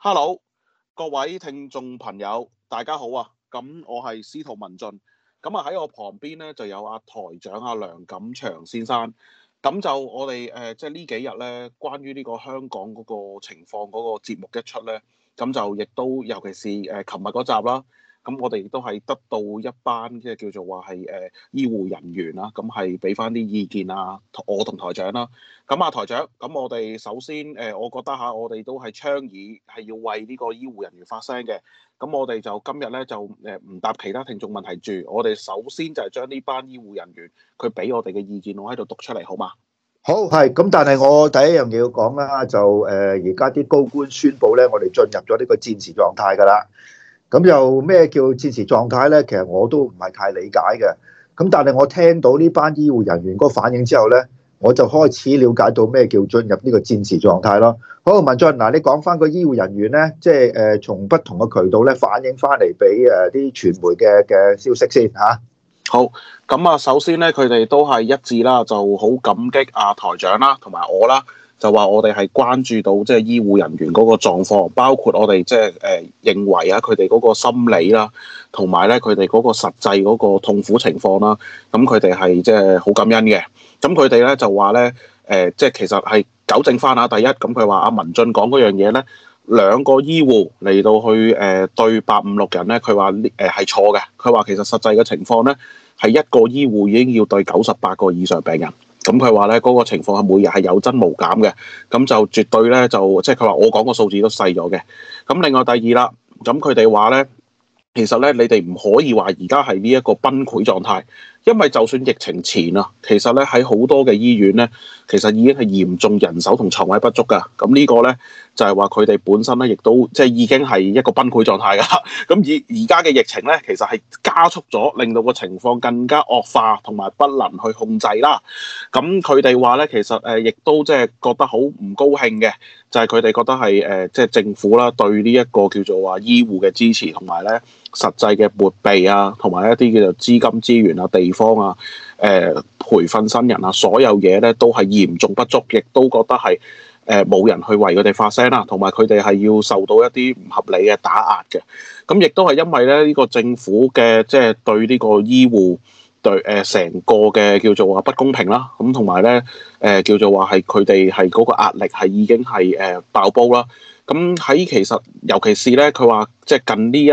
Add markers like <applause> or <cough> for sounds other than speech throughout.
hello，各位聽眾朋友，大家好啊！咁我係司徒文進，咁啊喺我旁邊咧就有阿、啊、台長阿、啊、梁錦祥先生，咁就我哋誒、呃、即係呢幾日咧關於呢個香港嗰個情況嗰個節目一出咧，咁就亦都尤其是誒琴日嗰集啦。咁我哋亦都係得到一班即係叫做話係誒醫護人員啦，咁係俾翻啲意見啊，我同台長啦。咁啊台長，咁我哋首先誒，我覺得吓，我哋都係倡議係要為呢個醫護人員發聲嘅。咁我哋就今日咧就誒唔答其他聽眾問題住，我哋首先就係將呢班醫護人員佢俾我哋嘅意見，我喺度讀出嚟，好嗎？好，係。咁但係我第一樣嘢要講啦，就誒而家啲高官宣布咧，我哋進入咗呢個戰時狀態噶啦。咁又咩叫戰時狀態咧？其實我都唔係太理解嘅。咁但係我聽到呢班醫護人員嗰反應之後咧，我就開始了解到咩叫進入呢個戰時狀態咯。好，文進，嗱，你講翻個醫護人員咧，即係誒從不同嘅渠道咧反映翻嚟俾誒啲傳媒嘅嘅消息先嚇。啊、好，咁啊，首先咧佢哋都係一致啦，就好感激阿、啊、台長啦，同埋我啦。就話我哋係關注到即係醫護人員嗰個狀況，包括我哋即係誒認為啊，佢哋嗰個心理啦、啊，同埋咧佢哋嗰個實際嗰個痛苦情況啦、啊。咁佢哋係即係好感恩嘅。咁佢哋咧就話咧誒，即、呃、係其實係糾正翻啊。第一，咁佢話阿文進講嗰樣嘢咧，兩個醫護嚟到去誒、呃、對八五六人咧，佢話呢誒係錯嘅。佢話其實實際嘅情況咧係一個醫護已經要對九十八個以上病人。咁佢話呢嗰個情況係每日係有增無減嘅，咁就絕對呢，就即係佢話我講個數字都細咗嘅。咁另外第二啦，咁佢哋話呢，其實呢你哋唔可以話而家係呢一個崩潰狀態，因為就算疫情前啊，其實呢喺好多嘅醫院呢，其實已經係嚴重人手同床位不足噶。咁呢個呢。就係話佢哋本身咧，亦都即係已經係一個崩潰狀態噶。咁而而家嘅疫情咧，其實係加速咗，令到個情況更加惡化，同埋不能去控制啦。咁佢哋話咧，其實誒亦都即係覺得好唔高興嘅，就係佢哋覺得係誒即係政府啦，對呢一個叫做話醫護嘅支持同埋咧實際嘅撥備啊，同埋一啲叫做資金資源啊、地方啊、誒、呃、培訓新人啊，所有嘢咧都係嚴重不足，亦都覺得係。誒冇人去為佢哋發聲啦，同埋佢哋係要受到一啲唔合理嘅打壓嘅。咁亦都係因為咧呢個政府嘅即係對呢個醫護對誒成個嘅叫做話不公平啦。咁同埋咧誒叫做話係佢哋係嗰個壓力係已經係誒爆煲啦。咁喺其實尤其是咧佢話即係近呢一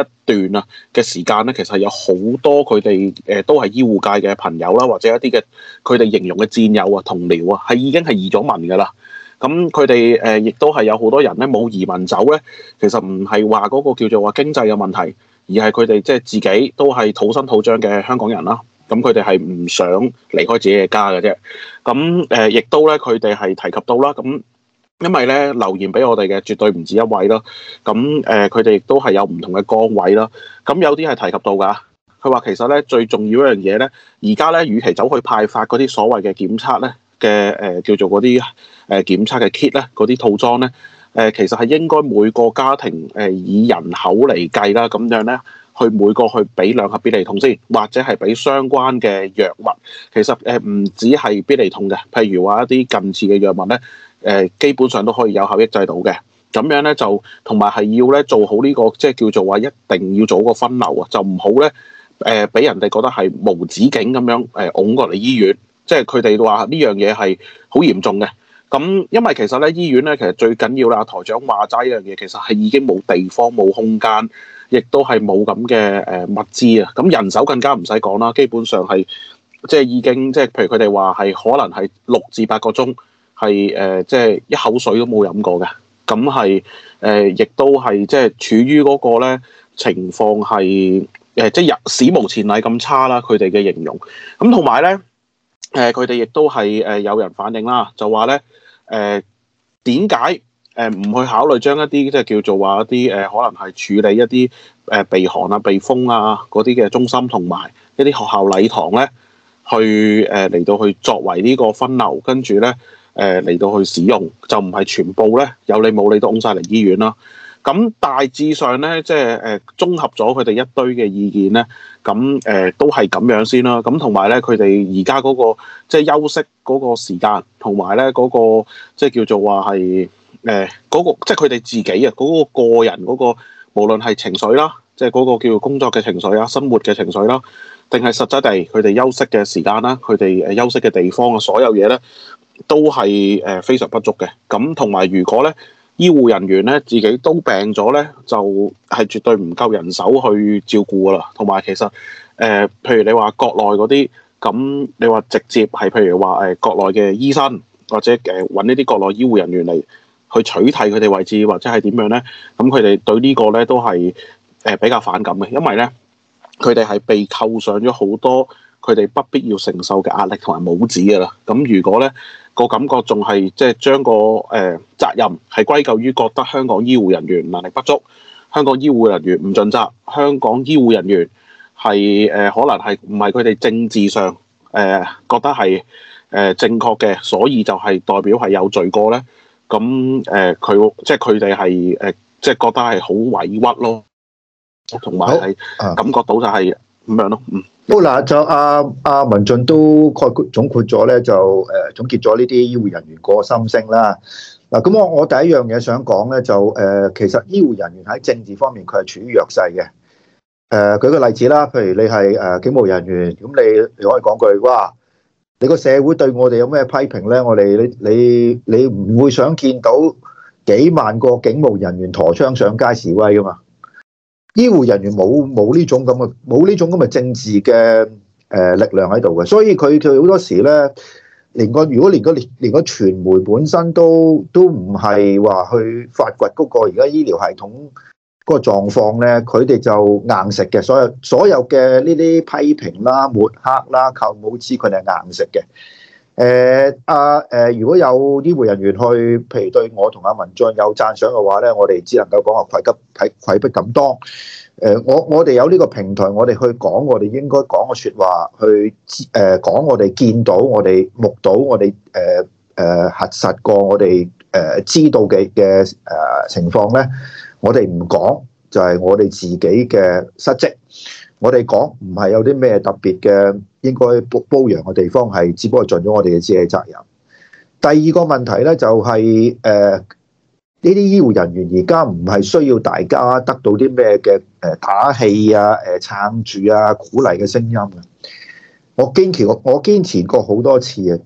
段啊嘅時間咧，其實有好多佢哋誒都係醫護界嘅朋友啦，或者一啲嘅佢哋形容嘅戰友啊、同僚啊，係已經係移咗民㗎啦。咁佢哋誒亦都係有好多人咧冇移民走咧，其實唔係話嗰個叫做話經濟嘅問題，而係佢哋即係自己都係土生土長嘅香港人啦。咁佢哋係唔想離開自己嘅家嘅啫。咁誒亦都咧佢哋係提及到啦。咁因為咧留言俾我哋嘅絕對唔止一位咯。咁誒佢哋亦都係有唔同嘅崗位啦。咁有啲係提及到噶。佢話其實咧最重要一樣嘢咧，而家咧與其走去派發嗰啲所謂嘅檢測咧嘅誒叫做嗰啲。誒檢測嘅 kit 咧，嗰啲套裝咧，誒、呃、其實係應該每個家庭誒、呃、以人口嚟計啦，咁樣咧，去每個去俾兩盒必理痛先，或者係俾相關嘅藥物。其實誒唔、呃、止係必理痛嘅，譬如話一啲近似嘅藥物咧，誒、呃、基本上都可以有效抑制到嘅。咁樣咧就同埋係要咧做好呢、這個即係叫做話一定要做好個分流啊，就唔好咧誒俾人哋覺得係無止境咁樣誒擁過嚟醫院，即係佢哋話呢樣嘢係好嚴重嘅。咁，因為其實咧，醫院咧，其實最緊要啦。台長話齋呢樣嘢，其實係已經冇地方、冇空間，亦都係冇咁嘅誒物資啊。咁人手更加唔使講啦，基本上係即係已經，即係譬如佢哋話係可能係六至八個鐘係誒，即係一口水都冇飲過嘅。咁係誒，亦、呃、都係即係處於嗰個咧情況係誒，即係史無前例咁差啦。佢哋嘅形容咁同埋咧，誒佢哋亦都係誒有人反映啦，就話咧。誒點解誒唔去考慮將一啲即係叫做話一啲誒、呃、可能係處理一啲誒避寒啊、避風啊嗰啲嘅中心，同埋一啲學校禮堂咧，去誒嚟到去作為呢個分流，跟住咧誒嚟到去使用，就唔係全部咧有理冇理都拱晒嚟醫院啦。咁大致上咧、就是呃呃那個，即係誒綜合咗佢哋一堆嘅意見咧，咁誒都係咁樣先啦。咁同埋咧，佢哋而家嗰個即係休息嗰個時間，同埋咧嗰個即係叫做話係誒嗰個，即係佢哋自己啊嗰、那個個人嗰、那個，無論係情緒啦，即係嗰個叫工作嘅情緒啊，生活嘅情緒啦，定係實際地佢哋休息嘅時間啦，佢哋誒休息嘅地方啊，所有嘢咧都係誒、呃、非常不足嘅。咁同埋如果咧。醫護人員咧自己都病咗咧，就係、是、絕對唔夠人手去照顧噶啦。同埋其實誒、呃，譬如你話國內嗰啲，咁你話直接係譬如話誒、呃、國內嘅醫生或者誒揾呢啲國內醫護人員嚟去取締佢哋位置或者係點樣咧？咁佢哋對個呢個咧都係誒、呃、比較反感嘅，因為咧佢哋係被扣上咗好多佢哋不必要承受嘅壓力同埋帽子噶啦。咁如果咧，個感覺仲係即係將個誒、呃、責任係歸咎於覺得香港醫護人員能力不足，香港醫護人員唔盡責，香港醫護人員係誒、呃、可能係唔係佢哋政治上誒、呃、覺得係誒、呃、正確嘅，所以就係代表係有罪過咧。咁誒佢即係佢哋係誒即係覺得係好委屈咯，同埋係感覺到就係咁樣咯，嗯。嗱，就阿阿文俊都概括總括咗咧，就誒總結咗呢啲醫護人員個心聲啦。嗱，咁我我第一樣嘢想講咧，就誒其實醫護人員喺政治方面佢係處於弱勢嘅。誒，舉個例子啦，譬如你係誒警務人員，咁你你可以講句：哇，你個社會對我哋有咩批評咧？我哋你你你唔會想見到幾萬個警務人員陀槍上街示威㗎嘛？醫護人員冇冇呢種咁嘅冇呢種咁嘅政治嘅誒、呃、力量喺度嘅，所以佢佢好多時咧，連個如果連個連個傳媒本身都都唔係話去發掘嗰個而家醫療系統個狀況咧，佢哋就硬食嘅，所有所有嘅呢啲批評啦、抹黑啦、靠冇知，佢哋係硬食嘅。誒啊！誒，如果有醫護人員去，譬如對我同阿文進有讚賞嘅話咧，我哋只能夠講話愧急，愧愧不敢當。誒，我我哋有呢個平台，我哋去，去講我哋應該講嘅説話，去誒講我哋見到、我哋目睹、我哋誒誒核實過、我哋誒、啊、知道嘅嘅誒情況咧，我哋唔講就係、是、我哋自己嘅失職。我哋講唔係有啲咩特別嘅。應該褒揚嘅地方，係只不過盡咗我哋嘅自己責任。第二個問題呢、就係，就係誒呢啲醫護人員而家唔係需要大家得到啲咩嘅誒打氣啊誒、呃、撐住啊鼓勵嘅聲音，我堅持我我堅持過好多次啊！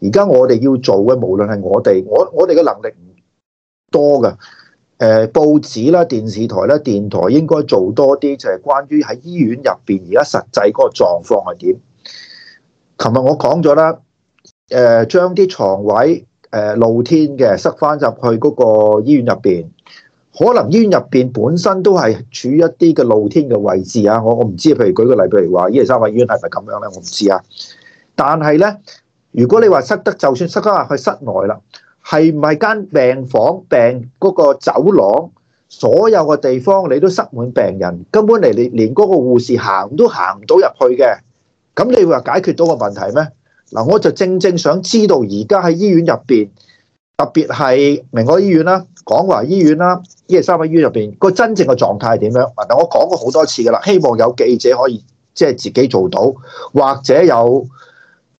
而家我哋要做嘅，無論係我哋我我哋嘅能力多嘅誒、呃、報紙啦，電視台啦，電台應該做多啲，就係、是、關於喺醫院入邊而家實際嗰個狀況係點？琴日我講咗啦，誒、呃、將啲床位誒、呃、露天嘅塞翻入去嗰個醫院入邊，可能醫院入邊本身都係處於一啲嘅露天嘅位置啊！我我唔知，譬如舉個例，譬如話二、三、八醫院係咪咁樣咧？我唔知啊。但係咧，如果你話塞得，就算塞得入去室外啦，係唔係間病房、病嗰個走廊所有嘅地方你都塞滿病人，根本嚟你連嗰個護士行都行唔到入去嘅？咁你會話解決到個問題咩？嗱，我就正正想知道而家喺醫院入邊，特別係明愛醫院啦、廣華醫院啦、呢三個醫院入邊，那個真正嘅狀態係點樣？但我講過好多次噶啦，希望有記者可以即係自己做到，或者有誒、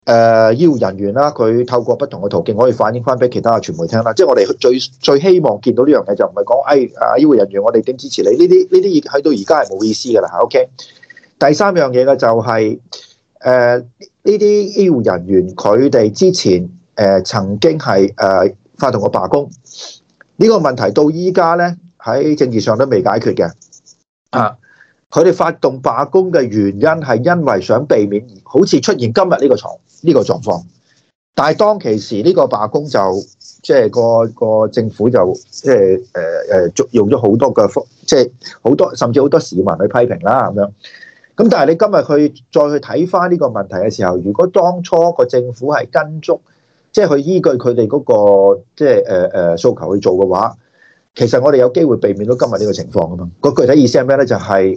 呃、醫護人員啦，佢透過不同嘅途徑可以反映翻俾其他嘅傳媒聽啦。即係我哋最最希望見到呢樣嘢，就唔係講誒啊醫護人員，我哋點支持你呢啲呢啲嘢？喺到而家係冇意思噶啦。OK，第三樣嘢呢就係、是。誒呢啲醫護人員佢哋之前誒、呃、曾經係誒、呃、發動過罷工，呢、呢個問題到依家咧喺政治上都未解決嘅。啊，佢哋發動罷工嘅原因係因為想避免好似出現今日呢、呢個牀呢、呢個狀、呢個、況，但係當其時呢個罷工就即係、就係、個個政府就即係誒誒用咗好多嘅即係好多甚至好多市民去批評啦咁樣。咁但係你今日去再去睇翻呢個問題嘅時候，如果當初個政府係跟足，即係去依據佢哋嗰個即係誒誒訴求去做嘅話，其實我哋有機會避免到今日呢個情況㗎嘛。個具體意思係咩咧？就係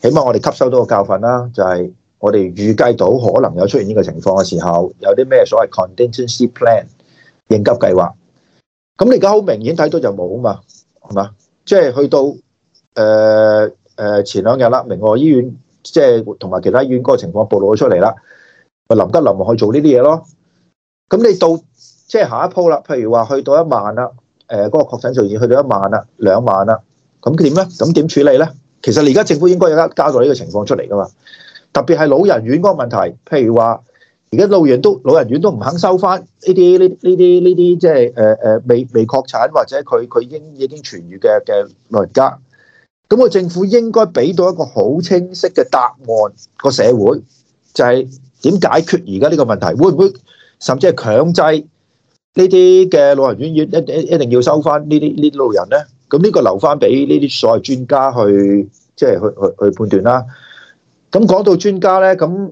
起碼我哋吸收到個教訓啦，就係我哋預計到可能有出現呢個情況嘅時候，有啲咩所謂 contingency plan 應急計劃。咁你而家好明顯睇到就冇啊嘛，係嘛？即係去到誒誒前兩日啦，明愛醫院。即係同埋其他醫院嗰個情況暴露咗出嚟啦，臨急臨忙去做呢啲嘢咯。咁你到即係下一鋪啦，譬如話去到一萬啦，誒嗰個確診數已經去到一萬啦、兩萬啦，咁點咧？咁點處理咧？其實你而家政府應該有家加咗呢個情況出嚟㗎嘛，特別係老人院嗰個問題。譬如話，而家老人院都老人院都唔肯收返呢啲呢呢啲呢啲即係誒誒未未確診或者佢佢已經已經痊癒嘅嘅老人家。咁個政府應該俾到一個好清晰嘅答案，個社會就係點解決而家呢個問題？會唔會甚至係強制呢啲嘅老人院院一一一定要收翻呢啲呢老人咧？咁呢個留翻俾呢啲所謂專家去即係去去去判斷啦。咁講到專家咧，咁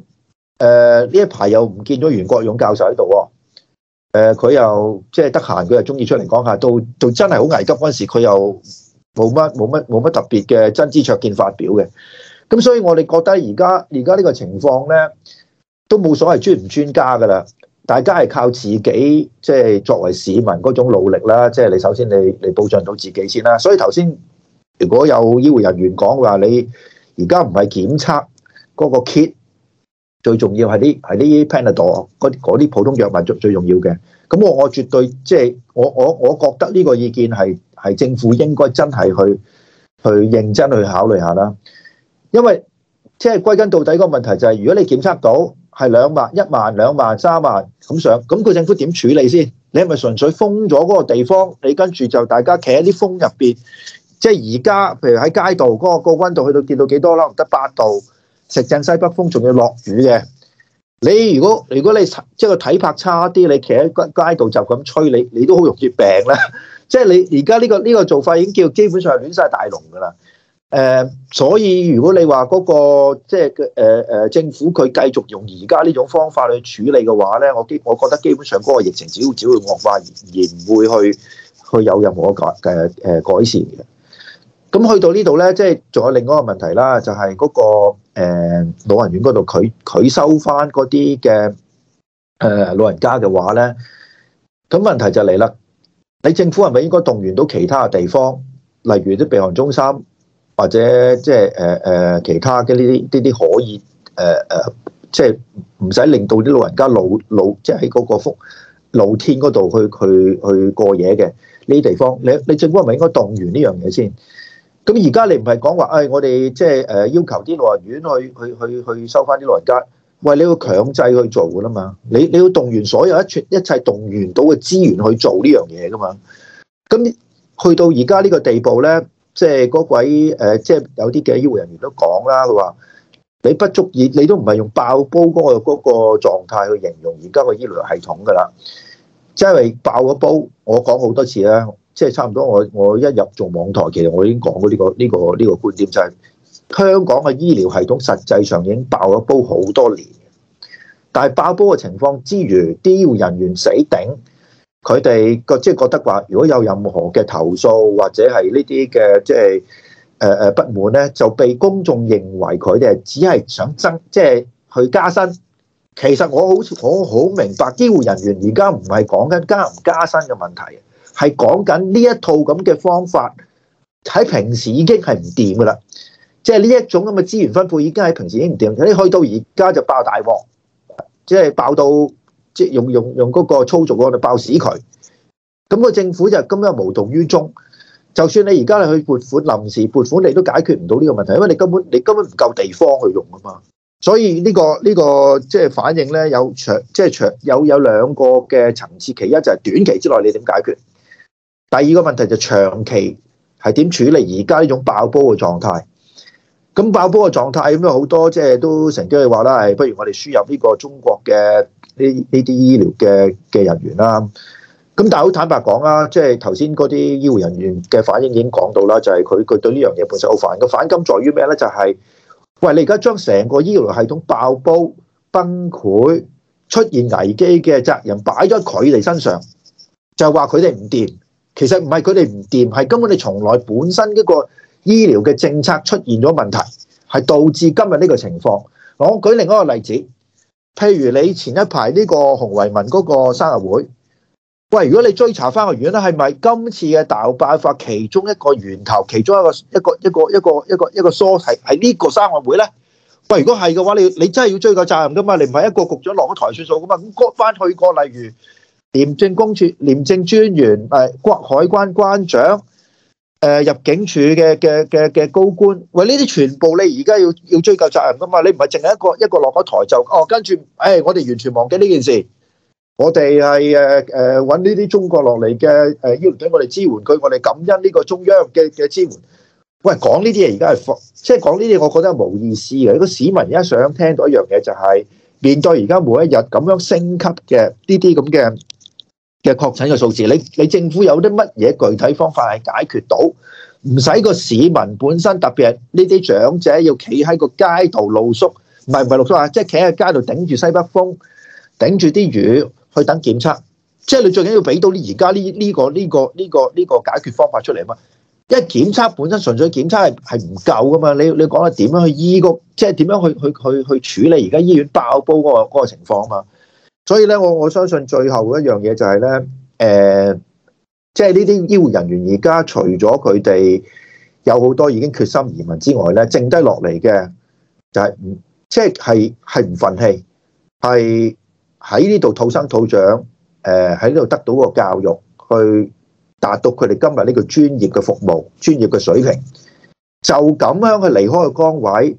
誒呢一排又唔見咗袁國勇教授喺度喎。誒佢又即係得閒，佢又中意出嚟講下。到到真係好危急嗰陣時，佢又～冇乜冇乜冇乜特別嘅真知灼見發表嘅，咁所以我哋覺得而家而家呢個情況呢，都冇所謂專唔專家噶啦，大家係靠自己，即係作為市民嗰種努力啦，即係你首先你你保障到自己先啦。所以頭先如果有醫護人員講話，你而家唔係檢測嗰個 kit。最重要係啲係啲 Panadol，嗰啲普通藥物最最重要嘅。咁我我絕對即係、就是、我我我覺得呢個意見係係政府應該真係去去認真去考慮下啦。因為即係、就是、歸根到底個問題就係、是，如果你檢測到係兩萬、一萬、兩萬、三萬咁上，咁、那、佢、個、政府點處理先？你係咪純粹封咗嗰個地方？你跟住就大家企喺啲風入邊？即係而家譬如喺街道嗰、那個個溫度去到跌到幾多啦？唔得八度。食正西北風仲要落雨嘅，你如果如果你即係個體魄差啲，你企喺街街度就咁吹，你你都好容易病喇。 <laughs> 即係你而家呢個呢、這個做法已經叫基本上係亂晒大龍噶啦。誒、呃，所以如果你話嗰、那個即係嘅誒政府佢繼續用而家呢種方法去處理嘅話咧，我基我覺得基本上嗰個疫情只會只會惡化而唔會去去有任何嘅改改善嘅。咁去到呢度咧，即係仲有另外一個問題啦，就係、是、嗰、那個。誒、呃、老人院嗰度佢佢收翻嗰啲嘅誒老人家嘅話咧，咁問題就嚟啦。你政府係咪應該動員到其他嘅地方，例如啲避寒中心，或者即係誒誒其他嘅呢啲呢啲可以誒誒，即係唔使令到啲老人家老露，即係喺嗰個露天嗰度去去去過夜嘅呢啲地方？你你政府係咪應該動員呢樣嘢先？咁而家你唔係講話，誒我哋即係誒要求啲老人院去去去去收翻啲老人家，餵你要強制去做㗎啦嘛，你你要動員所有一切一切動員到嘅資源去做呢樣嘢㗎嘛。咁去到而家呢個地步咧，即係嗰位誒即係有啲嘅醫護人員都講啦，佢話你不足以，你都唔係用爆煲嗰個嗰個狀態去形容而家個醫療系統㗎啦，即係爆個煲，我講好多次啦。即係差唔多我，我我一入做網台，其實我已經講過呢個呢個呢個觀點，就係香港嘅醫療系統實際上已經爆咗煲好多年，但係爆煲嘅情況之餘，醫護人員死頂，佢哋個即係覺得話，如果有任何嘅投訴或者係呢啲嘅即係誒誒不滿咧，就被公眾認為佢哋只係想增，即係去加薪。其實我好，我好明白，醫護人員而家唔係講緊加唔加薪嘅問題。係講緊呢一套咁嘅方法喺平時已經係唔掂噶啦，即係呢一種咁嘅資源分配已經喺平時已經唔掂，你去到而家就爆大鑊，即係爆到即係用用用嗰個操作案嚟爆屎佢。咁個政府就咁樣無動於衷，就算你而家你去撥款臨時撥款，你都解決唔到呢個問題，因為你根本你根本唔夠地方去用啊嘛。所以呢個呢個即係反應咧有長即係長有有兩個嘅層次，其一就係短期之內你點解決？第二個問題就長期係點處理而家呢種爆煲嘅狀態。咁爆煲嘅狀態咁，好多即係都成日都話啦，係不如我哋輸入呢個中國嘅呢呢啲醫療嘅嘅人員啦。咁但係好坦白講啦，即係頭先嗰啲醫護人員嘅反應已經講到啦，就係佢佢對呢樣嘢本身好煩。個反感在於咩咧？就係、是、喂你而家將成個醫療系統爆煲崩潰出現危機嘅責任擺咗佢哋身上，就話佢哋唔掂。其實唔係佢哋唔掂，係根本你從來本身一個醫療嘅政策出現咗問題，係導致今日呢個情況。我舉另一個例子，譬如你前一排呢個洪為民嗰個生日會，喂，如果你追查翻個原因啦，係咪今次嘅大爆發其中一個源頭，其中一個一個一個一個一個一個疏題係呢個生日會呢？喂，如果係嘅話，你你真係要追究責任㗎嘛？你唔係一個局長落咗台算數㗎嘛？咁割翻去個例如。廉政公署、廉政專員、誒國海關關長、誒入境處嘅嘅嘅嘅高官，喂，呢啲全部你而家要要追究責任噶嘛？你唔係淨係一個一個落咗台就哦，跟住誒，我哋完全忘記呢件事，我哋係誒誒搵呢啲中國落嚟嘅誒，要俾我哋支援佢，我哋感恩呢個中央嘅嘅支援。喂，講呢啲嘢而家係放即係講呢啲，我覺得係冇意思嘅。如果市民而家想聽到一樣嘢，就係面對而家每一日咁樣升級嘅呢啲咁嘅嘅確診嘅數字，你你政府有啲乜嘢具體方法係解決到，唔使個市民本身特別係呢啲長者要企喺個街度露宿，唔係唔係露宿啊，即係企喺街度頂住西北風，頂住啲雨去等檢測，即係你最緊要俾到你而家呢呢個呢、呢個呢、呢個呢、呢個呢個解決方法出嚟啊嘛，因為檢測本身純粹檢測係係唔夠噶嘛，你你講下點樣去醫個，即係點樣去去去去處理而家醫院爆煲嗰、嗰個嗰個情況啊嘛。所以咧，我我相信最後一樣嘢就係、是、咧，誒、呃，即係呢啲醫護人員而家除咗佢哋有好多已經決心移民之外咧，剩低落嚟嘅就係唔，即係係係唔忿氣，係喺呢度土生土長，誒喺呢度得到個教育，去達到佢哋今日呢個專業嘅服務、專業嘅水平，就咁樣去離開個崗位，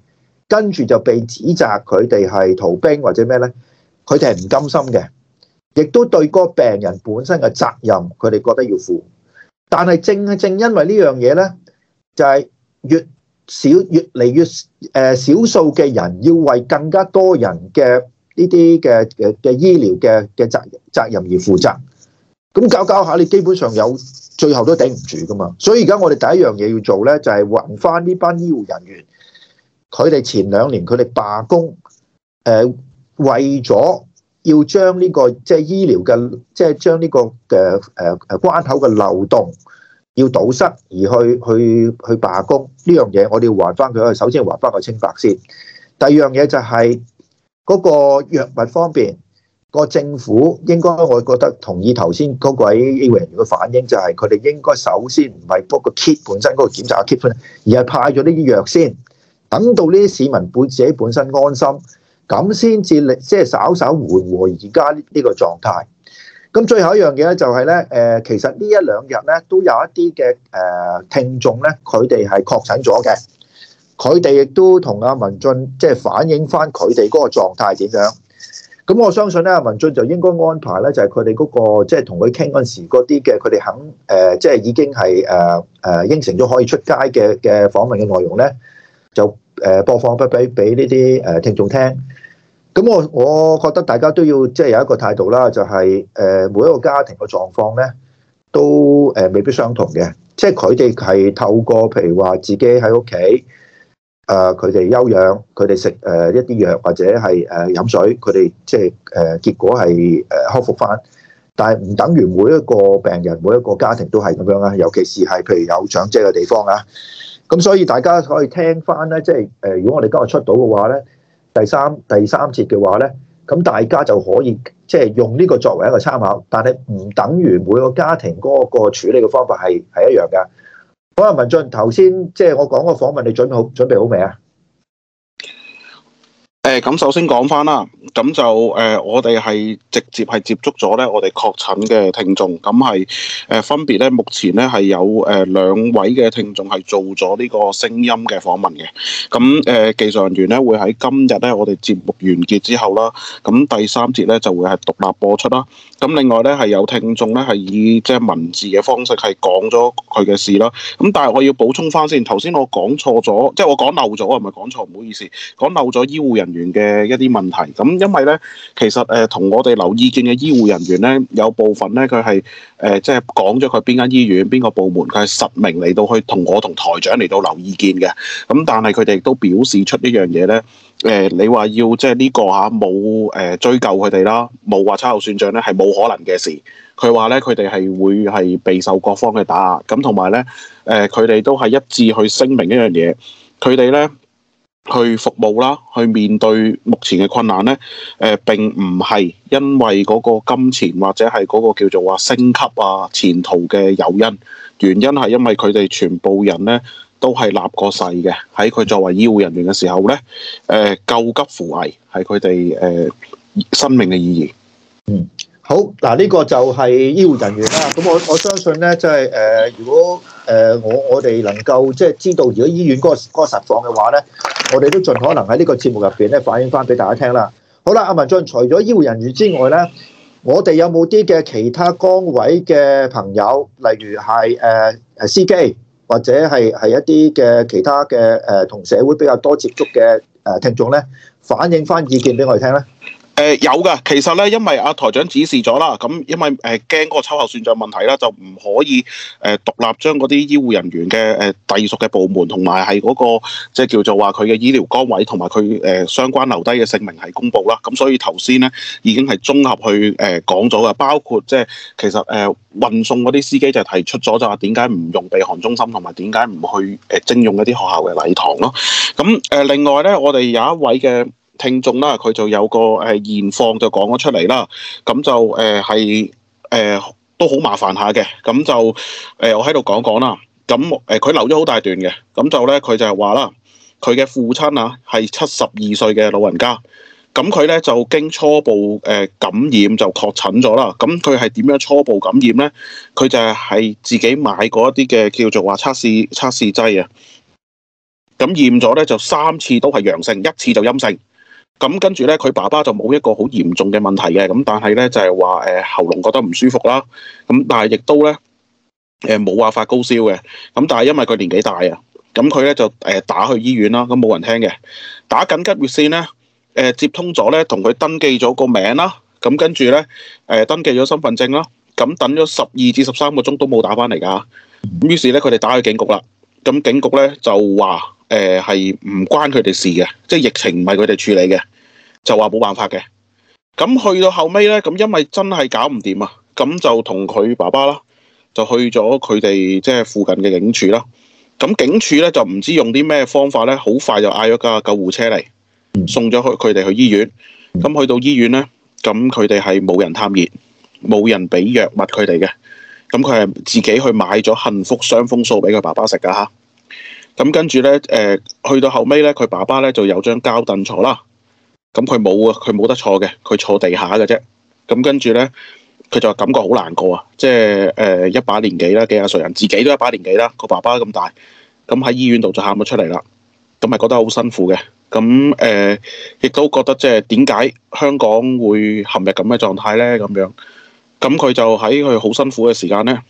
跟住就被指責佢哋係逃兵或者咩咧？佢哋係唔甘心嘅，亦都對個病人本身嘅責任，佢哋覺得要負。但係正正因為呢樣嘢呢，就係越少越嚟越誒少數嘅人要為更加多人嘅呢啲嘅嘅嘅醫療嘅嘅責責任而負責。咁搞搞下，你基本上有最後都頂唔住㗎嘛。所以而家我哋第一樣嘢要做呢，就係還翻呢班醫護人員。佢哋前兩年佢哋罷工，誒。為咗要將呢個即係醫療嘅，即係將呢個嘅誒誒關口嘅漏洞要堵塞，而去去去罷工呢樣嘢，我哋要還翻佢，首先還翻佢清白先。第二樣嘢就係嗰個藥物方面，個政府應該我覺得同意頭先嗰位醫護人員嘅反應，就係佢哋應該首先唔係 book 個 kit 本身嗰個檢查 kit，而係派咗呢啲藥先，等到呢啲市民本自己本身安心。咁先至令即係稍稍緩和而家呢呢個狀態。咁最後一樣嘢咧就係咧，誒其實呢一兩日咧都有一啲嘅誒聽眾咧，佢哋係確診咗嘅。佢哋亦都同阿文進即係反映翻佢哋嗰個狀態點樣。咁我相信咧，阿文進就應該安排咧，就係佢哋嗰個即係同佢傾嗰陣時嗰啲嘅，佢哋肯誒即係已經係誒誒應承咗可以出街嘅嘅訪問嘅內容咧，就。誒播放俾俾俾呢啲誒聽眾聽，咁我我覺得大家都要即係、就是、有一個態度啦，就係、是、誒每一個家庭嘅狀況咧，都誒未必相同嘅。即係佢哋係透過譬如話自己喺屋企，誒佢哋休養，佢哋食誒一啲藥或者係誒飲水，佢哋即係誒結果係誒康復返。但係唔等於每一個病人每一個家庭都係咁樣啊，尤其是係譬如有長者嘅地方啊。咁所以大家可以聽翻咧，即係誒，如果我哋今日出到嘅話咧，第三第三節嘅話咧，咁大家就可以即係、就是、用呢個作為一個參考，但係唔等於每個家庭嗰個，個處理嘅方法係係一樣噶。好喇，文俊，頭先即係我講個訪問，你準備好準備好未啊？誒、呃，咁首先講翻啦，咁就誒、呃，我哋係直。接係接觸咗咧，我哋確診嘅聽眾，咁係誒分別咧，目前咧係有誒、呃、兩位嘅聽眾係做咗呢個聲音嘅訪問嘅，咁誒、呃、技術人員咧會喺今日咧我哋節目完結之後啦，咁第三節咧就會係獨立播出啦，咁另外咧係有聽眾咧係以即係文字嘅方式係講咗佢嘅事啦，咁但係我要補充翻先。頭先我講錯咗，即係我講漏咗，唔係講錯，唔好意思，講漏咗醫護人員嘅一啲問題，咁因為咧其實誒同、呃、我哋留意，意見嘅醫護人員呢，有部分呢，佢係誒，即係講咗佢邊間醫院、邊個部門，佢係實名嚟到去，同我同台長嚟到留意見嘅。咁但係佢哋都表示出一樣嘢呢：誒、呃，你話要即係呢個吓冇誒追究佢哋啦，冇話差後算賬呢係冇可能嘅事。佢話呢，佢哋係會係備受各方嘅打壓。咁同埋呢，誒、呃，佢哋都係一致去聲明一樣嘢，佢哋呢。去服務啦，去面對目前嘅困難呢。誒、呃，並唔係因為嗰個金錢或者係嗰個叫做話升級啊、前途嘅誘因，原因係因為佢哋全部人呢都係立過誓嘅，喺佢作為醫護人員嘅時候呢，誒、呃、救急扶危係佢哋誒生命嘅意義。嗯。好嗱，呢、啊這個就係醫護人員啦。咁我我相信呢，即係誒，如果誒、呃、我我哋能夠即係、就是、知道如果醫院嗰、那個嗰、那個實況嘅話呢，我哋都盡可能喺呢個節目入邊咧反映翻俾大家聽啦。好啦，阿文進，除咗醫護人員之外呢，我哋有冇啲嘅其他崗位嘅朋友，例如係誒、呃、司機或者係係一啲嘅其他嘅誒同社會比較多接觸嘅誒聽眾呢？反映翻意見俾我哋聽咧？誒，嗯、有噶，其實咧，因為阿、啊、台長指示咗啦，咁因為誒驚嗰個秋後算賬問題啦，就唔可以誒、呃、獨立將嗰啲醫護人員嘅誒隸屬嘅部門同埋係嗰個即係叫做話佢嘅醫療崗位同埋佢誒相關留低嘅姓名係公布啦，咁所以頭先咧已經係綜合去誒、呃、講咗噶，包括即係其實誒、呃、運送嗰啲司機就提出咗就話點解唔用避寒中心同埋點解唔去誒徵用一啲學校嘅禮堂咯，咁誒另外咧我哋有一位嘅。聽眾啦，佢就有個誒現況，就講咗出嚟啦，咁就誒係誒都好麻煩下嘅，咁就誒、呃、我喺度講講啦，咁誒佢留咗好大段嘅，咁就咧佢就係話啦，佢嘅父親啊係七十二歲嘅老人家，咁佢咧就經初步誒感染就確診咗啦，咁佢係點樣初步感染咧？佢就係自己買過一啲嘅叫做話測試測試劑啊，咁驗咗咧就三次都係陽性，一次就陰性。咁跟住咧，佢爸爸就冇一個好嚴重嘅問題嘅，咁但係咧就係話誒喉嚨覺得唔舒服啦，咁但係亦都咧誒冇話發高燒嘅，咁但係因為佢年紀大啊，咁佢咧就誒打去醫院啦，咁冇人聽嘅，打緊急熱線咧誒、呃、接通咗咧，同佢登記咗個名啦，咁跟住咧誒登記咗身份證啦，咁等咗十二至十三個鐘都冇打翻嚟噶，於是咧佢哋打去警局啦，咁警局咧就話。誒，係唔關佢哋事嘅，即係疫情唔係佢哋處理嘅，就話冇辦法嘅。咁去到後尾呢，咁因為真係搞唔掂啊，咁就同佢爸爸啦，就去咗佢哋即係附近嘅警署啦。咁警署呢，就唔知用啲咩方法呢，好快就嗌咗架救護車嚟，送咗去佢哋去醫院。咁去到醫院呢，咁佢哋係冇人探熱，冇人俾藥物佢哋嘅。咁佢係自己去買咗幸福傷風素俾佢爸爸食噶。咁跟住咧，誒、呃，去到後尾咧，佢爸爸咧就有張膠凳坐啦。咁佢冇啊，佢冇得坐嘅，佢坐地下嘅啫。咁跟住咧，佢就感覺好難過啊，即係誒一把年紀啦，幾廿歲人自己都一把年紀啦，個爸爸咁大，咁喺醫院度就喊咗出嚟啦。咁係覺得好辛苦嘅，咁誒，亦、呃、都覺得即係點解香港會陷入咁嘅狀態咧？咁樣，咁佢就喺佢好辛苦嘅時間咧，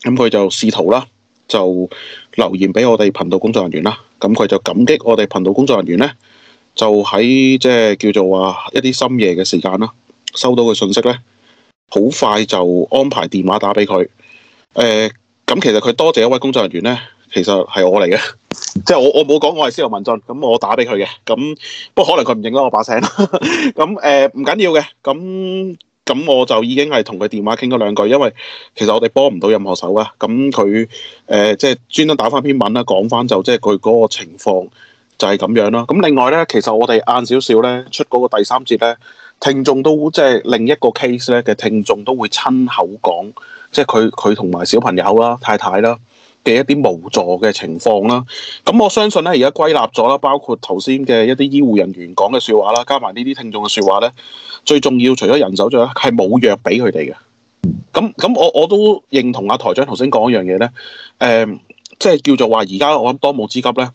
咁佢就試圖啦。就留言俾我哋頻道工作人員啦，咁佢就感激我哋頻道工作人員咧，就喺即係叫做話一啲深夜嘅時間啦，收到嘅信息咧，好快就安排電話打俾佢。誒、呃，咁其實佢多謝一位工作人員咧，其實係我嚟嘅，即係我我冇講我係司徒文進，咁我打俾佢嘅，咁不過可能佢唔認得我把聲，咁誒唔緊要嘅，咁、呃。咁我就已經係同佢電話傾咗兩句，因為其實我哋幫唔到任何手啊。咁佢誒即係專登打翻篇文啦，講翻就即係佢嗰個情況就係咁樣咯。咁另外咧，其實我哋晏少少咧出嗰個第三節咧，聽眾都即係、就是、另一個 case 咧嘅聽眾都會親口講，即係佢佢同埋小朋友啦、太太啦，嘅一啲無助嘅情況啦，咁我相信咧而家歸納咗啦，包括頭先嘅一啲醫護人員講嘅説話啦，加埋呢啲聽眾嘅説話咧，最重要除咗人手，仲有係冇藥俾佢哋嘅，咁咁我我都認同阿、啊、台長頭先講一樣嘢咧，誒、呃，即係叫做話而家我諗當務之急咧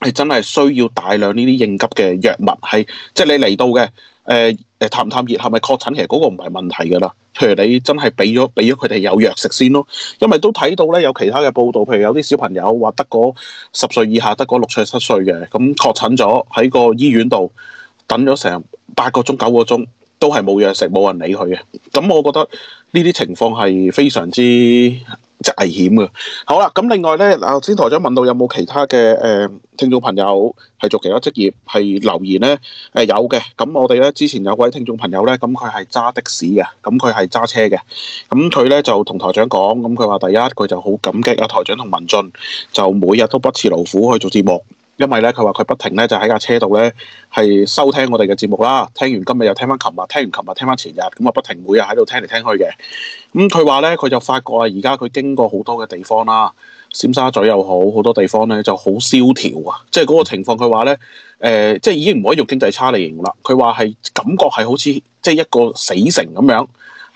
係真係需要大量呢啲應急嘅藥物，係即係你嚟到嘅誒。呃誒探唔探熱係咪確診？其實嗰個唔係問題㗎啦。譬如你真係俾咗俾咗佢哋有藥食先咯。因為都睇到咧有其他嘅報道，譬如有啲小朋友話得嗰十歲以下，得嗰六歲七歲嘅，咁確診咗，喺個醫院度等咗成八個鐘九個鐘，都係冇藥食，冇人理佢嘅。咁我覺得呢啲情況係非常之。即危險㗎。好啦、啊，咁另外咧，啊先台長問到有冇其他嘅誒、呃、聽眾朋友係做其他職業係留言咧？誒、呃、有嘅。咁我哋咧之前有位聽眾朋友咧，咁佢係揸的士嘅，咁佢係揸車嘅。咁佢咧就同台長講，咁佢話第一佢就好感激啊台長同文進，就每日都不辭勞苦去做節目。因為咧，佢話佢不停咧就喺架車度咧，係收聽我哋嘅節目啦。聽完今日又聽翻琴日，聽完琴日聽翻前日，咁啊不停每日喺度聽嚟聽去嘅。咁佢話咧，佢就發覺啊，而家佢經過好多嘅地方啦，尖沙咀又好好多地方咧就好蕭條啊，即係嗰個情況。佢話咧，誒，即係已經唔可以用經濟差嚟形容啦。佢話係感覺係好似即係一個死城咁樣，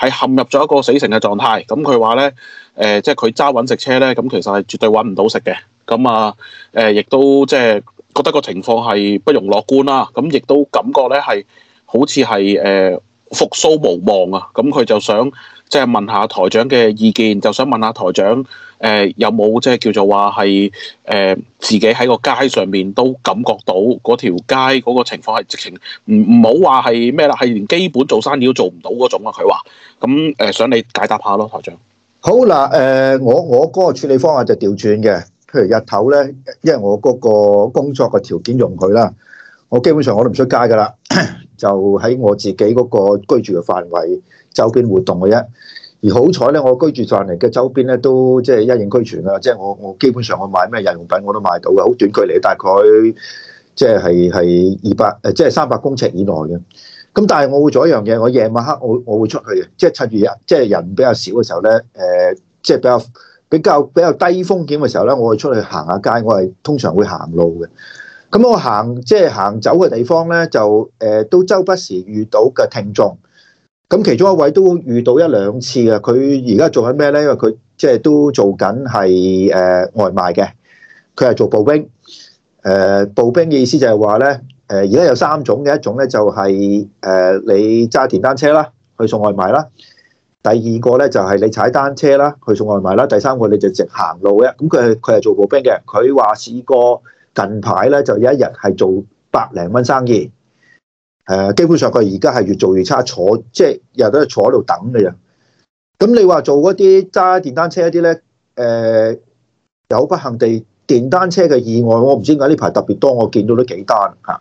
係陷入咗一個死城嘅狀態。咁佢話咧，誒、呃，即係佢揸搵食車咧，咁其實係絕對搵唔到食嘅。咁啊，誒，亦都即係覺得個情況係不容樂觀啦。咁亦都感覺咧係好似係誒復甦無望啊。咁佢就想即係問下台長嘅意見，就想問下台長誒有冇即係叫做話，係誒自己喺個街上面都感覺到嗰條街嗰個情況係直情唔唔好話係咩啦，係連基本做生意都做唔到嗰種啊。佢話，咁誒想你解答下咯，台長。好啦，誒、呃，我我嗰個處理方案就調轉嘅。譬如日頭咧，因為我嗰個工作嘅條件容許啦，我基本上我都唔出街噶啦， <coughs> 就喺我自己嗰個居住嘅範圍周邊活動嘅啫。而好彩咧，我居住範圍嘅周邊咧都即係一應俱全啊！即係我我基本上我買咩日用品我都買到嘅，好短距離，大概即係係係二百誒，即係三百公尺以內嘅。咁但係我會做一樣嘢，我夜晚黑我我會出去嘅，即係趁住即係人比較少嘅時候咧，誒、呃，即係比較。比較比較低風險嘅時候咧，我會出去行下街，我係通常會行路嘅。咁我行即係行走嘅、就是、地方咧，就誒、呃、都周不時遇到嘅聽眾。咁其中一位都遇到一兩次嘅，佢而家做緊咩咧？因為佢即係都做緊係誒外賣嘅。佢係做步兵。誒、呃、步兵嘅意思就係話咧，誒而家有三種嘅，一種咧就係、是、誒、呃、你揸電單車啦，去送外賣啦。第二個咧就係你踩單車啦，去送外賣啦；第三個你就直行路嘅。咁佢佢係做步兵嘅。佢話試過近排咧，就有一日係做百零蚊生意。誒，基本上佢而家係越做越差，坐即係日都係坐喺度等嘅啫。咁你話做一啲揸電單車一啲咧？誒、呃，有不幸地電單車嘅意外，我唔知點解呢排特別多，我見到都幾單嚇。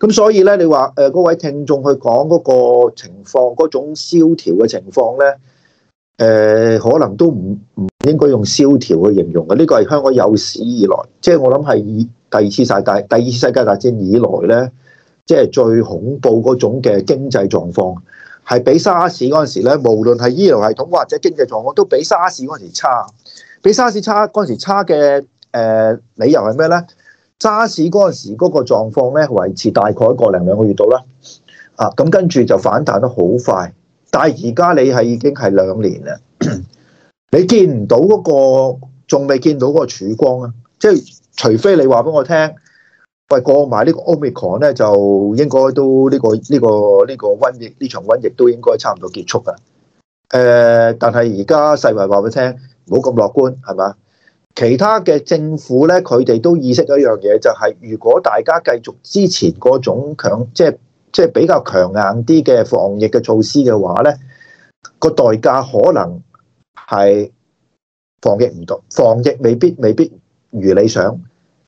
咁所以咧，你話誒嗰位聽眾去講嗰個情況，嗰種蕭條嘅情況咧，誒、呃、可能都唔唔應該用蕭條去形容嘅。呢、這個係香港有史以來，即係我諗係第二次世界第二次世界大戰以來咧，即係最恐怖嗰種嘅經濟狀況，係比沙士嗰陣時咧，無論係醫療系統或者經濟狀況都比沙士嗰陣時差，比沙士差嗰陣時差嘅誒、呃、理由係咩咧？沙士嗰陣時嗰個狀況咧，維持大概一個零兩個月度啦。啊，咁跟住就反彈得好快。但係而家你係已經係兩年啦，你見唔到嗰、那個，仲未見到嗰個曙光啊？即係除非你話俾我聽，喂，過埋呢個奧密克戎咧，就應該都呢、這個呢、這個呢、這個瘟疫呢場瘟疫都應該差唔多結束噶。誒、呃，但係而家世衛話俾你聽，唔好咁樂觀，係嘛？其他嘅政府咧，佢哋都意識到一樣嘢，就係、是、如果大家繼續之前嗰種強，即係即係比較強硬啲嘅防疫嘅措施嘅話咧，個代價可能係防疫唔到，防疫未必未必如理想，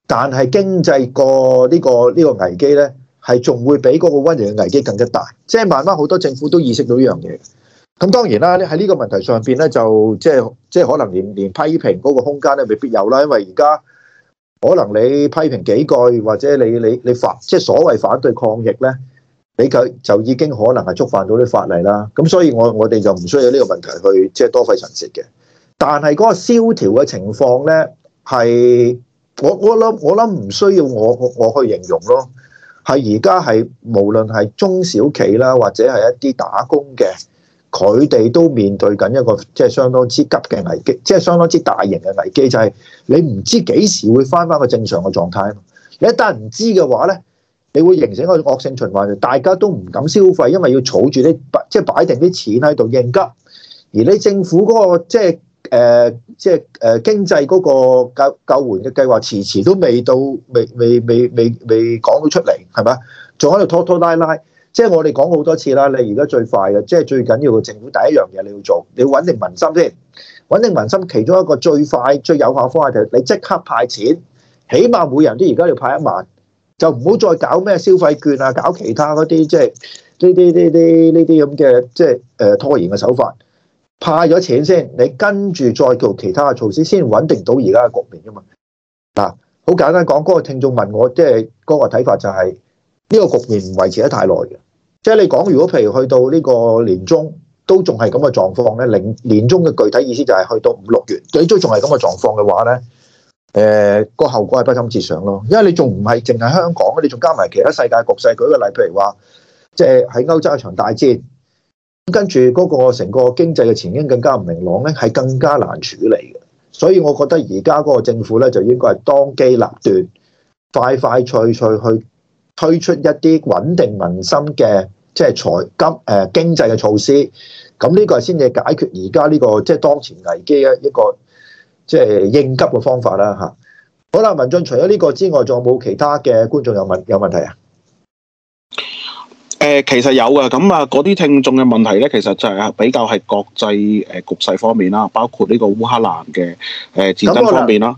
但係經濟、這個呢個呢個危機咧，係仲會比嗰個瘟疫嘅危機更加大，即、就、係、是、慢慢好多政府都意識到一樣嘢。咁當然啦，喺呢個問題上邊咧，就即係即係可能連連批評嗰個空間咧，未必有啦，因為而家可能你批評幾句，或者你你你發即係所謂反對抗疫咧，你佢就已經可能係觸犯到啲法例啦。咁所以，我我哋就唔需要呢個問題去即係多費唇舌嘅。但係嗰個蕭條嘅情況咧，係我我諗我諗唔需要我我去形容咯。係而家係無論係中小企啦，或者係一啲打工嘅。佢哋都面對緊一個即係相當之急嘅危機，即係相當之大型嘅危機，就係、是、你唔知幾時會返返個正常嘅狀態。你一旦唔知嘅話咧，你會形成一個惡性循環，大家都唔敢消費，因為要儲住啲即係擺定啲錢喺度應急。而你政府嗰、那個即係誒、呃、即係誒、呃、經濟嗰個救救援嘅計劃，遲遲都未到，未未未未未講到出嚟，係咪？仲喺度拖拖拉拉。即係我哋講好多次啦，你而家最快嘅，即係最緊要嘅政府第一樣嘢你要做，你要穩定民心先。穩定民心，其中一個最快、最有效方法就係你即刻派錢，起碼每人都而家要派一萬，就唔好再搞咩消費券啊，搞其他嗰啲即係呢啲呢啲呢啲咁嘅即係誒拖延嘅手法。派咗錢先，你跟住再做其他嘅措施，先穩定到而家嘅局面㗎嘛。嗱，好簡單講，嗰個聽眾問我，即係嗰個睇法就係。呢個局面唔維持得太耐嘅，即係你講，如果譬如去到呢個年中都仲係咁嘅狀況咧，呢年中嘅具體意思就係去到五六月，最終仲係咁嘅狀況嘅話咧，誒、呃這個後果係不堪設想咯。因為你仲唔係淨係香港，你仲加埋其他世界局勢。舉個例，譬如話，即係喺歐洲一場大戰，跟住嗰個成個經濟嘅前景更加唔明朗咧，係更加難處理嘅。所以我覺得而家嗰個政府咧，就應該係當機立斷，快快脆脆去。推出一啲穩定民心嘅即係財金誒、呃、經濟嘅措施，咁呢個先至解決而家呢個即係、就是、當前危機嘅一個即係、就是、應急嘅方法啦吓、啊。好啦，文進除咗呢個之外，仲有冇其他嘅觀眾有問有問題啊？誒，其實有噶，咁啊，嗰啲聽眾嘅問題咧，其實就係比較係國際誒局勢方面啦，包括呢個烏克蘭嘅誒戰爭方面啦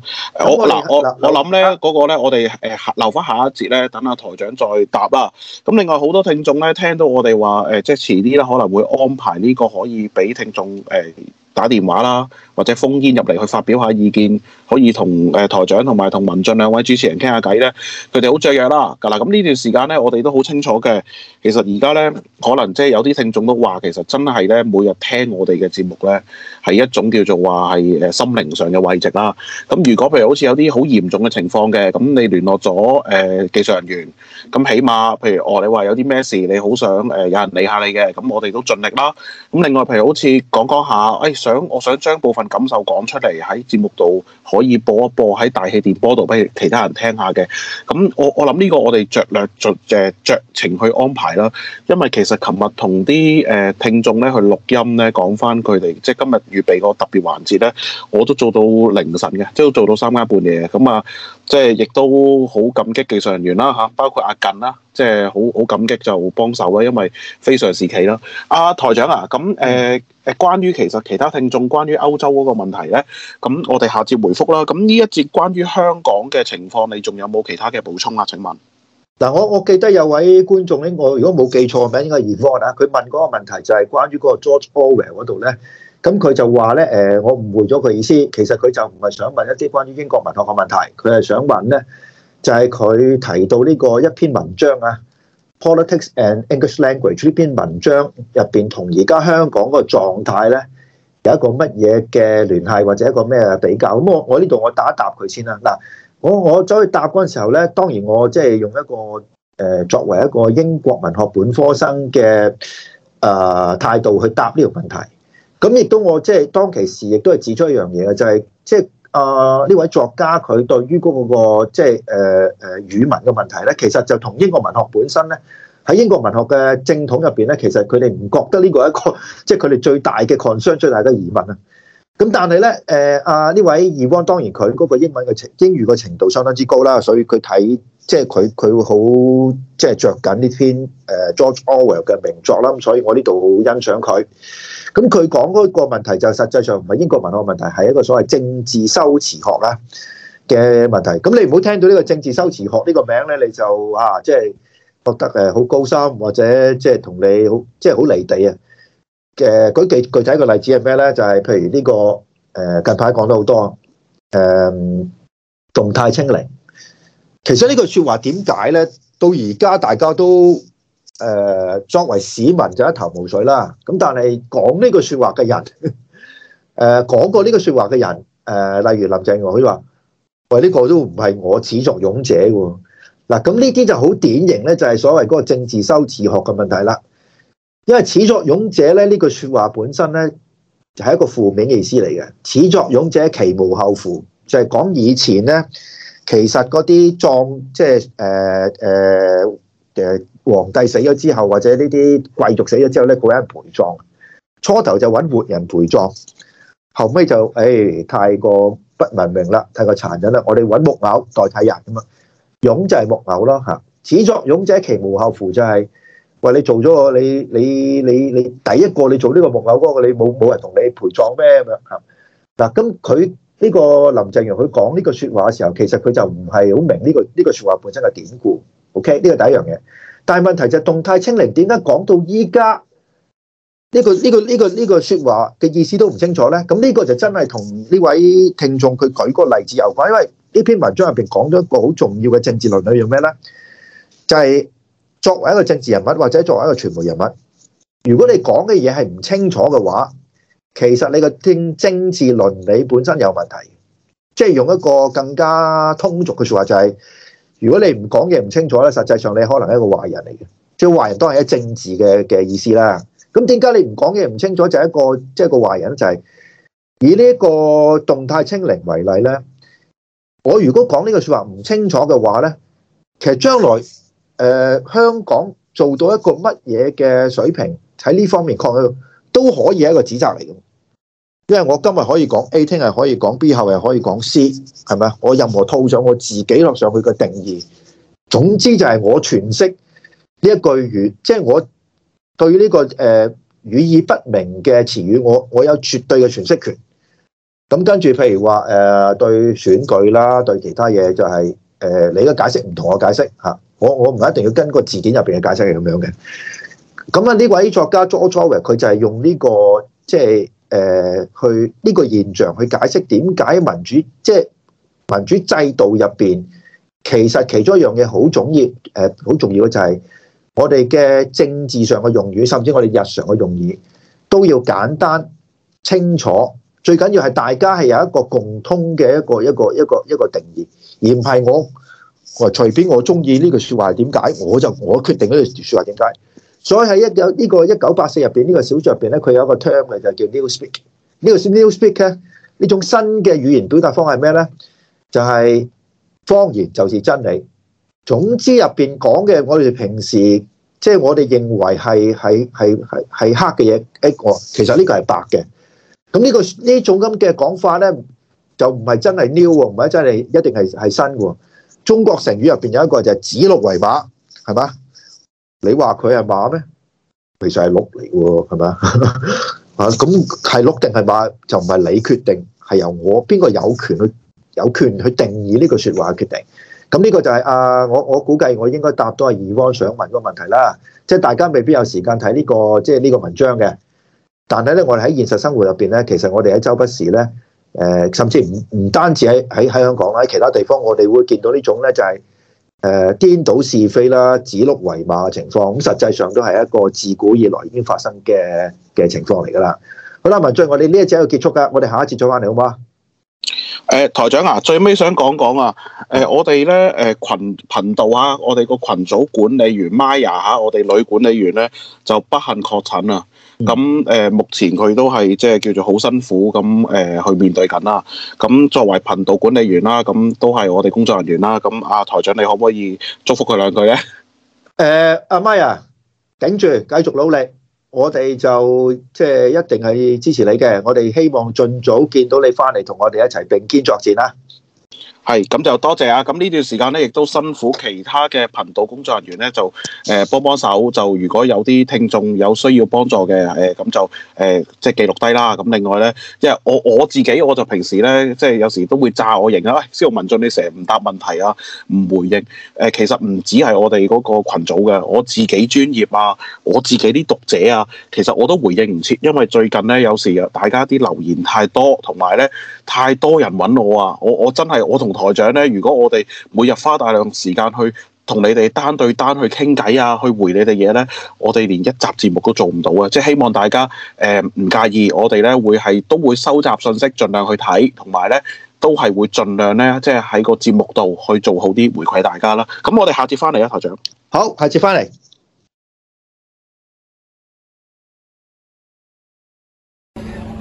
我。我嗱我我諗咧，嗰個咧，我哋誒、那個、留翻下一節咧，等阿台長再答啦。咁另外好多聽眾咧，聽到我哋話誒，即係遲啲咧，可能會安排呢個可以俾聽眾誒。欸打電話啦，或者封煙入嚟去發表下意見，可以同誒台長同埋同文進兩位主持人傾下偈咧。佢哋好雀躍啦，㗎啦。咁呢段時間咧，我哋都好清楚嘅。其實而家咧，可能即係有啲聽眾都話，其實真係咧，每日聽我哋嘅節目咧，係一種叫做話係誒心靈上嘅慰藉啦。咁如果譬如好似有啲好嚴重嘅情況嘅，咁你聯絡咗誒、呃、技術人員，咁起碼譬如哦，你話有啲咩事，你好想誒有人理下你嘅，咁我哋都盡力啦。咁另外譬如好似講講下，誒、哎。想我想將部分感受講出嚟，喺節目度可以播一播，喺大氣電波度俾其他人聽下嘅，咁我我諗呢個我哋酌量着誒著，著，著，著，著，酌情去安排啦，因為其實琴日同啲誒聽眾咧去錄音咧講翻佢哋，即係今日預備個特別環節咧，我都做到凌晨嘅，即都做到三更半夜咁啊。即係亦都好感激技術人員啦嚇，包括阿近啦，即係好好感激就幫手啦，因為非常時期啦。阿、啊、台長啊，咁誒誒，關於其實其他聽眾關於歐洲嗰個問題咧，咁我哋下節回覆啦。咁呢一節關於香港嘅情況，你仲有冇其他嘅補充啊？請問嗱，我我記得有位觀眾應該，我如果冇記錯名，應該係 Yvonne 啊，佢問嗰個問題就係關於嗰個 George Orwell 嗰度咧。咁佢就話咧，誒，我誤會咗佢意思。其實佢就唔係想問一啲關於英國文學嘅問題，佢係想問咧，就係、是、佢提到呢個一篇文章啊，《Politics and English Language》呢篇文章入邊同而家香港個狀態咧有一個乜嘢嘅聯繫，或者一個咩比較？咁我我呢度我答一答佢先啦。嗱，我我走去答嗰陣時候咧，當然我即係用一個誒、呃、作為一個英國文學本科生嘅誒、呃、態度去答呢個問題。咁亦都我即係當其時亦都係指出一樣嘢嘅，就係即係啊呢位作家佢對於嗰個即係誒誒語文嘅問題咧，其實就同英國文學本身咧，喺英國文學嘅正統入邊咧，其實佢哋唔覺得呢個一個即係佢哋最大嘅 concern、最大嘅疑問啊。咁但係咧誒啊呢位伊旺，當然佢嗰個英文嘅英語嘅程度相當之高啦，所以佢睇。即係佢佢會好即係着緊呢篇誒 George Orwell 嘅名作啦，咁所以我呢度好欣賞佢。咁佢講嗰個問題就實際上唔係英國文學問題，係一個所謂政治修辭學啦嘅問題。咁你唔好聽到呢個政治修辭學呢個名咧，你就啊即係、就是、覺得誒好高深或者即係同你好即係好離地啊嘅。舉、呃、具具體一個例子係咩咧？就係、是、譬如呢、這個誒、呃、近排講得好多誒、呃、動態清零。其實呢句說話點解呢？到而家大家都誒、呃，作為市民就一頭霧水啦。咁但係講呢句說話嘅人，誒、呃、講過呢個說話嘅人，誒、呃、例如林鄭月娥，佢話我呢個都唔係我始作俑者喎。嗱，咁呢啲就好典型呢，就係、是、所謂嗰個政治修辭學嘅問題啦。因為始作俑者呢，呢句說話本身呢係、就是、一個負面嘅意思嚟嘅。始作俑者其無後乎？就係、是、講以前呢。其實嗰啲葬即係誒、誒、誒皇帝死咗之後，或者呢啲貴族死咗之後咧，個人陪葬。初頭就揾活人陪葬，後尾就誒、哎、太過不文明啦，太過殘忍啦。我哋揾木偶代替人咁嘛，俑就係木偶咯嚇。始作俑者其無後乎，就係，就係，喂，你做咗我你你你你，你第一個你做呢個木偶嗰，嗰個你冇冇人同你陪葬咩咁樣嚇，嗱，咁佢。呢個林鄭月娥佢講呢個説話嘅時候，其實佢就唔係好明呢個呢個説話本身嘅典故。OK，呢個第一樣嘢。但係問題就係動態清零，點解講到依家呢個呢個呢個呢個説話嘅意思都唔清楚呢？咁呢個就真係同呢位聽眾佢舉嗰個例子有關，因為呢篇文章入邊講咗一個好重要嘅政治倫理，叫咩呢？就係作為一個政治人物或者作為一個傳媒人物，如果你講嘅嘢係唔清楚嘅話，其實你個精政治倫理本身有問題，即係用一個更加通俗嘅説話，就是，就係如果你唔講嘢唔清楚咧，實際上你可能係一個壞人嚟嘅。即係壞人都係一政治嘅嘅意思啦。咁點解你唔講嘢唔清楚就係一個即係、就是、個壞人就係、是、以呢一個動態清零為例咧，我如果講呢個説話唔清楚嘅話咧，其實將來誒、呃、香港做到一個乜嘢嘅水平喺呢方面抗疫都可以係一個指責嚟嘅。因為我今日可以講 A，聽日可以講 B，後日可以講 C，係咪啊？我任何套上，我自己落上去嘅定義，總之就係我詮釋呢一句語，即、就、係、是、我對呢、這個誒、呃、語義不明嘅詞語，我我有絕對嘅詮釋權。咁跟住，譬如話誒、呃、對選舉啦，對其他嘢就係、是、誒、呃、你嘅解釋唔同我解釋吓、啊，我我唔一定要跟個字典入邊嘅解釋係咁樣嘅。咁啊呢位作家 Joel，佢就係用呢、這個即係。就是誒、呃、去呢個現象去解釋點解民主即係、就是、民主制度入邊，其實其中一樣嘢好重要，誒、呃、好重要嘅就係我哋嘅政治上嘅用語，甚至我哋日常嘅用語都要簡單清楚，最緊要係大家係有一個共通嘅一個一個一個一個定義，而唔係我我隨便我中意呢句説話點解我就我決定呢句説話點解。所以喺一有呢個一九八四入邊呢個小說入邊咧，佢有一個 term 嘅就係叫 new speak。呢個是 new speak 咧，呢種新嘅語言表達方式係咩咧？就係謊言就是真理。總之入邊講嘅，我哋平時即係我哋認為係係係係係黑嘅嘢一個，其實呢個係白嘅。咁呢個呢種咁嘅講法咧，就唔係真係 new 喎，唔係真係一定係係新嘅。中國成語入邊有一個就係指鹿為馬，係嘛？你話佢係馬咩？其實係鹿嚟喎，係咪 <laughs> 啊？咁係鹿定係馬就唔係你決定，係由我邊個有權去有權去定義呢個說話決定。咁呢個就係、是、啊，我我估計我應該答到阿二哥想問個問題啦。即、就、係、是、大家未必有時間睇呢、這個即係呢個文章嘅，但係咧我哋喺現實生活入邊咧，其實我哋喺周不時咧誒、呃，甚至唔唔單止喺喺香港喺其他地方我哋會見到種呢種咧就係、是。誒顛、呃、倒是非啦，指鹿為馬嘅情況，咁實際上都係一個自古以來已經發生嘅嘅情況嚟㗎啦。好啦，文進，我哋呢一節要結束㗎，我哋下一次再翻嚟好嗎？誒、呃、台長啊，最尾想講講啊，誒、呃、我哋咧誒羣頻道啊，我哋個群組管理員 Maya 嚇、啊，我哋女管理員咧就不幸確診啊。咁誒，嗯嗯、目前佢都係即係叫做好辛苦咁誒、呃，去面對緊啦。咁作為頻道管理員啦，咁都係我哋工作人員啦。咁、啊、阿台長，你可唔可以祝福佢兩句咧？誒、呃，阿咪啊，頂住，繼續努力，我哋就即係一定係支持你嘅。我哋希望盡早見到你翻嚟，同我哋一齊並肩作戰啦！係咁就多謝，謝啊！咁呢段時間咧，亦都辛苦其他嘅頻道工作人員咧，就誒、呃、幫幫手。就如果有啲聽眾有需要幫助嘅誒，咁、呃、就誒即係記錄低啦。咁另外咧，因、就、為、是、我我自己我就平時咧，即、就、係、是、有時都會炸我營啊！喂、哎，司徒文進，你成日唔答問題啊，唔回應誒、呃。其實唔止係我哋嗰個羣組嘅，我自己專業啊，我自己啲讀者啊，其實我都回應唔切。因為最近咧，有時大家啲留言太多，同埋咧太多人揾我啊，我我真係我同。台長咧，如果我哋每日花大量時間去同你哋單對單去傾偈啊，去回你哋嘢咧，我哋連一集節目都做唔到啊！即係希望大家誒、呃、唔介意，我哋咧會係都會收集信息，盡量去睇，同埋咧都係會盡量咧，即係喺個節目度去做好啲回饋大家啦。咁我哋下次翻嚟啊，台長。好，下次翻嚟。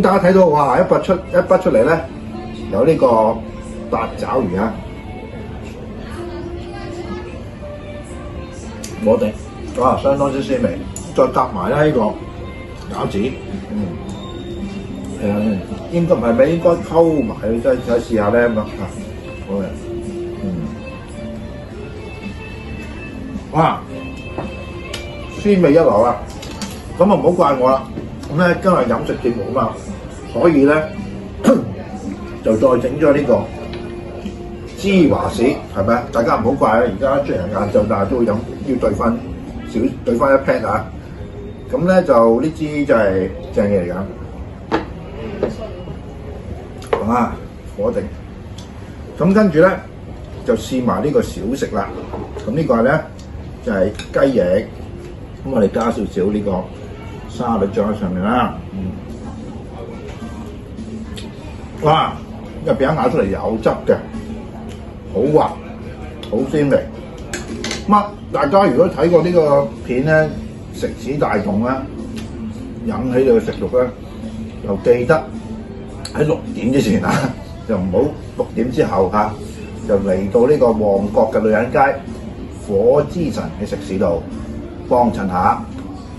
大家睇到哇，一筆出來一筆出嚟咧，有呢個八爪魚啊，我、嗯、相當之鮮味，再夾埋咧呢個餃子，這個、頭嗯，誒、啊啊、應該唔係咩，應該溝埋再試下呢，咁啊、嗯，好嘅、嗯，哇，鮮味、嗯、一流啊，咁啊唔好怪我啦。咁咧今日飲食節目啊嘛，所以咧 <coughs> 就再整咗呢個芝華士，係咪啊？大家唔好怪啊！而家出人晏晝，但係都會飲，要兌翻少兌翻一 pat 啊！咁咧就呢支就係正嘢嚟㗎。好啊，火定。咁跟住咧就試埋呢個小食啦。咁呢個咧就係、係、雞翼。咁我哋加少少呢、呢個。啊！你著喺上面啦，嗯，哇！個餅咬出嚟有汁嘅，好滑，好鮮味，啊。大家如果睇過呢個片咧，食肆大同咧，引起你嘅食欲咧，就記得喺六點之前就唔好六點之後啊，就嚟、啊、到呢個旺角嘅女人街火之神嘅食肆度幫襯下。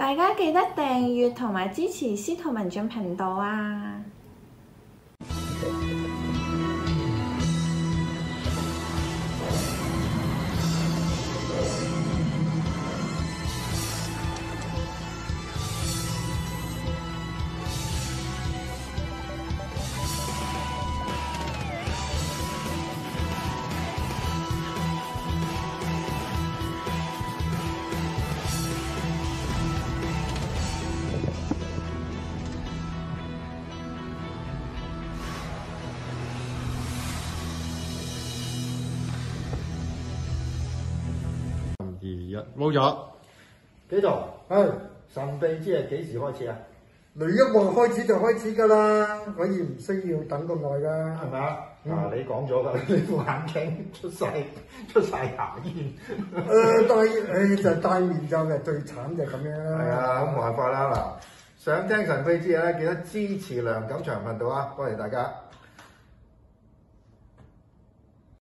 大家記得訂閱同埋支持司徒文進頻道啊！冇咗，幾度，唉度，哎、神秘之夜幾時開始啊？雷一旺開始就開始噶啦，可以唔需要等咁耐噶，係咪、啊嗯啊、你講咗啦，你副眼鏡出晒出晒牙煙，誒、呃，戴、 <laughs> 哎，就戴、是、面罩嘅最慘就咁樣啦。係啊，冇辦法啦。嗱，想聽神秘之夜嘅咧，記得支持梁錦祥頻道啊，多謝，謝大家。